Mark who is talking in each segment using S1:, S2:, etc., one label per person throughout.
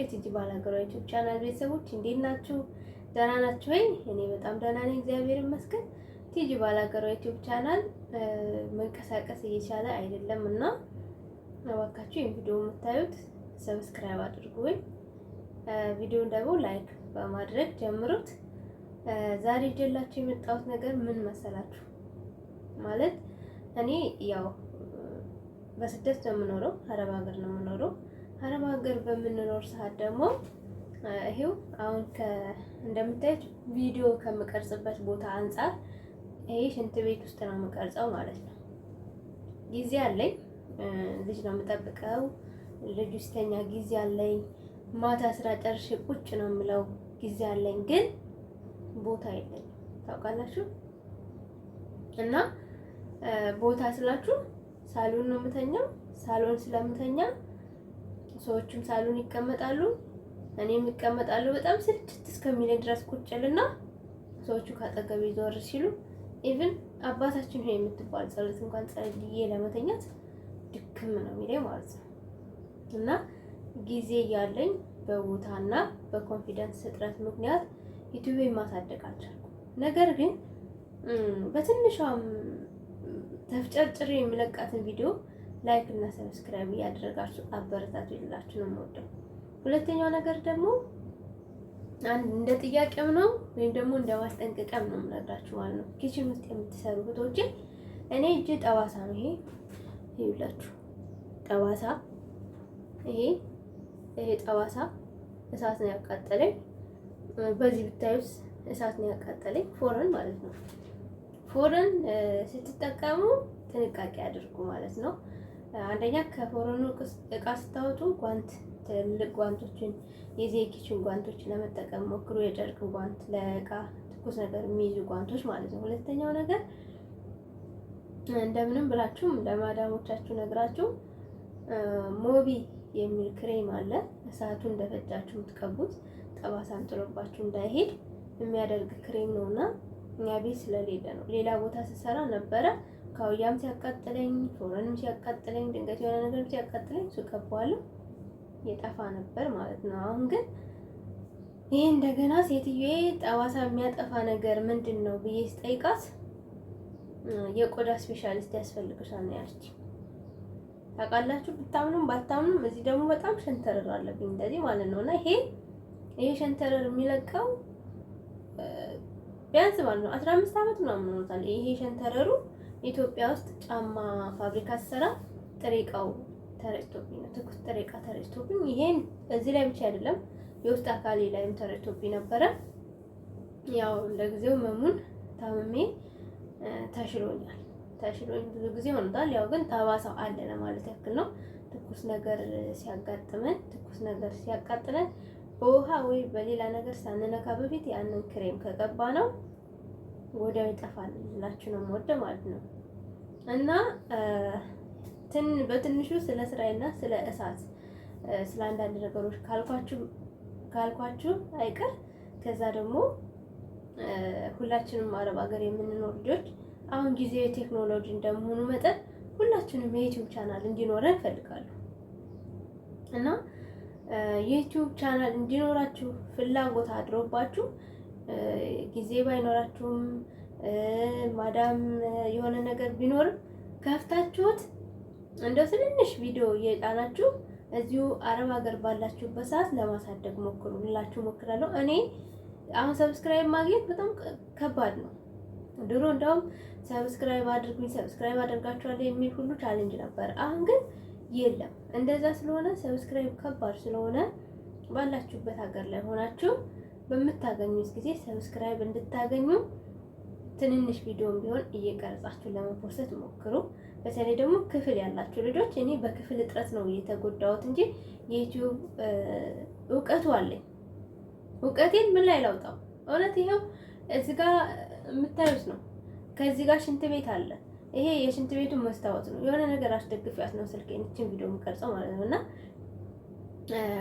S1: የተከበራችሁ የቲጂ ባላገሯ ዩቲዩብ ቻናል ቤተሰቦች እንዴት ናችሁ? ደህና ናችሁ ወይ? እኔ በጣም ደህና ነኝ፣ እግዚአብሔር ይመስገን። ቲጂ ባላገሯ ዩቲዩብ ቻናል መንቀሳቀስ እየቻለ አይደለም እና እባካችሁ ይሄን ቪዲዮ የምታዩት ሰብስክራይብ ወይ ቪዲዮን ደግሞ ላይክ በማድረግ ጀምሩት። ዛሬ ይዤላችሁ የመጣሁት ነገር ምን መሰላችሁ? ማለት እኔ ያው በስደት ነው የምኖረው፣ አረብ ሀገር ነው የምኖረው አረብ ሀገር በምንኖር ሰዓት ደግሞ ይሄው አሁን እንደምታየት ቪዲዮ ከምቀርጽበት ቦታ አንጻር ይሄ ሽንት ቤት ውስጥ ነው የምቀርጸው ማለት ነው። ጊዜ አለኝ፣ ልጅ ነው የምጠብቀው። ልጅ ሲተኛ ጊዜ አለኝ። ማታ ስራ ጨርሼ ቁጭ ነው የምለው። ጊዜ አለኝ፣ ግን ቦታ የለኝ ታውቃላችሁ። እና ቦታ ስላችሁ ሳሎን ነው የምተኛው። ሳሎን ስለምተኛ ሰዎቹም ሳሎን ይቀመጣሉ፣ እኔም ይቀመጣሉ። በጣም ስልችት እስከሚለኝ ድረስ ቁጭልና ሰዎቹ ካጠገብ ይዞር ሲሉ ኢቭን አባታችን ሆይ የምትባል ጸሎት እንኳን ጸልዬ ለመተኛት ድክም ነው የሚለኝ ማለት ነው። እና ጊዜ ያለኝ በቦታና በኮንፊደንስ እጥረት ምክንያት ዩቲዩብ ማሳደግ ነገር ግን በትንሿም ተፍጨርጭሬ የምለቃትን ቪዲዮ ላይክ እና ሰብስክራይብ እያደረጋችሁ አበረታቱ ይላችሁ ነው የምወደው። ሁለተኛው ነገር ደግሞ አንድ እንደ ጥያቄም ነው ወይም ደግሞ እንደ ማስጠንቀቂያም ነው የምነግራችሁ ማለት ነው። ኪችን ውስጥ የምትሰሩ እህቶቼ እኔ እጅ ጠባሳ ነው ይሄ ይላችሁ ጠባሳ፣ ይሄ ይሄ ጠባሳ እሳት ነው ያቃጠለኝ። በዚህ ብታዩት እሳት ነው ያቃጠለኝ፣ ፎረን ማለት ነው። ፎረን ስትጠቀሙ ጥንቃቄ አድርጉ ማለት ነው። አንደኛ ከፎረኑ እቃ ስታወጡ ጓንት ትልልቅ ጓንቶችን የዜ ኪችን ጓንቶች ለመጠቀም ሞክሩ። የጨርቅ ጓንት ለእቃ ትኩስ ነገር የሚይዙ ጓንቶች ማለት ነው። ሁለተኛው ነገር እንደምንም ብላችሁም ለማዳሞቻችሁ ነግራችሁ ሞቢ የሚል ክሬም አለ። እሳቱ እንደፈጃችሁ የምትቀቡት ጠባሳ አንጥሎባችሁ እንዳይሄድ የሚያደርግ ክሬም ነውና እኛ ቤት ስለሌለ ነው። ሌላ ቦታ ስሰራ ነበረ ካውያም ሲያቃጥለኝ ፎረንም ሲያቃጥለኝ ድንገት የሆነ ነገር ሲያቃጥለኝ እሱ ቀባዋለሁ የጠፋ ነበር ማለት ነው። አሁን ግን ይሄ እንደገና ሴትዮዬ ጠባሳ የሚያጠፋ ነገር ምንድን ነው ብዬ ስጠይቃት የቆዳ ስፔሻሊስት ያስፈልግሻል ነው ያለች። ታውቃላችሁ፣ ብታምኑም ባታምኑም እዚህ ደግሞ በጣም ሸንተረር አለብኝ እንደዚህ ማለት ነው። እና ይሄ ይሄ ሸንተረር የሚለቀው ቢያንስ ማለት ነው አስራ አምስት ዓመት ምናምን ሆኖታል ይሄ ሸንተረሩ ኢትዮጵያ ውስጥ ጫማ ፋብሪካ ስሰራ ጥሬ እቃው ተረጭቶብኝ ነው። ትኩስ ጥሬ እቃ ተረጭቶብኝ፣ ይሄን እዚህ ላይ ብቻ አይደለም የውስጥ አካሌ ላይም ተረጭቶብኝ ነበረ። ያው ለጊዜው መሙን ታምሜ ተሽሎኛል። ተሽሎኝ ብዙ ጊዜ ሆኖታል። ያው ግን ጠባሳው አለ ለማለት ያክል ነው። ትኩስ ነገር ሲያጋጥመን ትኩስ ነገር ሲያቃጥለን በውሃ ወይ በሌላ ነገር ሳንነካ በፊት ያንን ክሬም ከቀባ ነው ወዲያው ይጠፋል ልላችሁ ነው ወደ ማለት ነው። እና በትንሹ ስለ ስራዬና ስለ እሳት ስለ አንዳንድ ነገሮች ካልኳችሁ ካልኳችሁ አይቀር ከዛ ደግሞ ሁላችንም አረብ ሀገር የምንኖር ልጆች አሁን ጊዜ የቴክኖሎጂ እንደመሆኑ መጠን ሁላችንም የዩቲዩብ ቻናል እንዲኖረን እፈልጋለሁ እና የዩቲዩብ ቻናል እንዲኖራችሁ ፍላጎት አድሮባችሁ ጊዜ ባይኖራችሁም ማዳም የሆነ ነገር ቢኖርም ከፍታችሁት እንደው ትንንሽ ቪዲዮ እየጫናችሁ እዚሁ አረብ ሀገር ባላችሁበት ሰዓት ለማሳደግ ሞክሩ ልላችሁ ሞክራለሁ። እኔ አሁን ሰብስክራይብ ማግኘት በጣም ከባድ ነው። ድሮ እንደውም ሰብስክራይብ አድርጉኝ፣ ሰብስክራይብ አደርጋችኋለሁ የሚል ሁሉ ቻሌንጅ ነበር። አሁን ግን የለም። እንደዛ ስለሆነ ሰብስክራይብ ከባድ ስለሆነ ባላችሁበት ሀገር ላይ ሆናችሁ በምታገኙት ጊዜ ሰብስክራይብ እንድታገኙ ትንንሽ ቪዲዮም ቢሆን እየቀረጻችሁ ለመፖስት ሞክሩ። በተለይ ደግሞ ክፍል ያላችሁ ልጆች፣ እኔ በክፍል እጥረት ነው እየተጎዳሁት እንጂ የዩቲዩብ እውቀቱ አለኝ። እውቀቴን ምን ላይ ላውጣው? እውነት ይኸው እዚህ ጋር የምታዩት ነው። ከዚህ ጋር ሽንት ቤት አለ። ይሄ የሽንት ቤቱ መስታወት ነው። የሆነ ነገር አስደግፊያት ነው ስልኬን ይህችን ቪዲዮ የምቀርጸው ማለት ነው። እና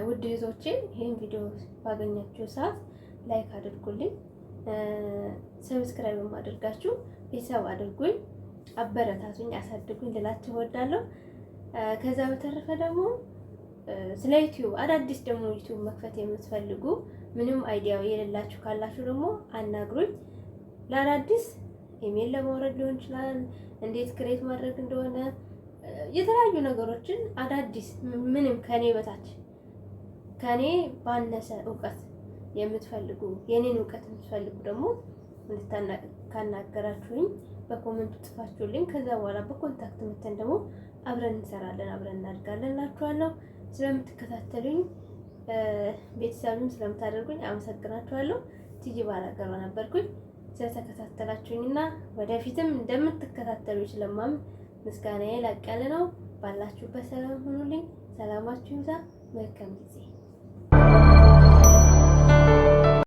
S1: ውድ ይዞቼ ይህን ቪዲዮ ባገኛችሁ ሰዓት ላይክ አድርጉልኝ፣ ሰብስክራይብም አድርጋችሁ ቤተሰብ አድርጉኝ፣ አበረታቱኝ፣ አሳድጉኝ ልላችሁ እወዳለሁ። ከዛ በተረፈ ደግሞ ስለ ዩቲዩብ አዳዲስ ደግሞ ዩቲዩብ መክፈት የምትፈልጉ ምንም አይዲያ የሌላችሁ ካላችሁ ደግሞ አናግሩኝ። ለአዳዲስ ኢሜል ለማውረድ ሊሆን ይችላል፣ እንዴት ክሬት ማድረግ እንደሆነ የተለያዩ ነገሮችን አዳዲስ ምንም ከኔ በታች ከኔ ባነሰ እውቀት የምትፈልጉ የኔን እውቀት የምትፈልጉ ደግሞ ካናገራችሁኝ በኮመንት ጽፋችሁልኝ ከዛ በኋላ በኮንታክት መተን ደግሞ አብረን እንሰራለን፣ አብረን እናድጋለን ላችኋለሁ። ስለምትከታተሉኝ ቤተሰብም ስለምታደርጉኝ አመሰግናችኋለሁ። ትይ ባላገባ ነበርኩኝ። ና ወደፊትም እንደምትከታተሉ ስለማም ምስጋናዬ ላቅ ያለ ነው። ባላችሁበት ሰላም ሁኑልኝ። ሰላማችሁ ይብዛ። መልካም ጊዜ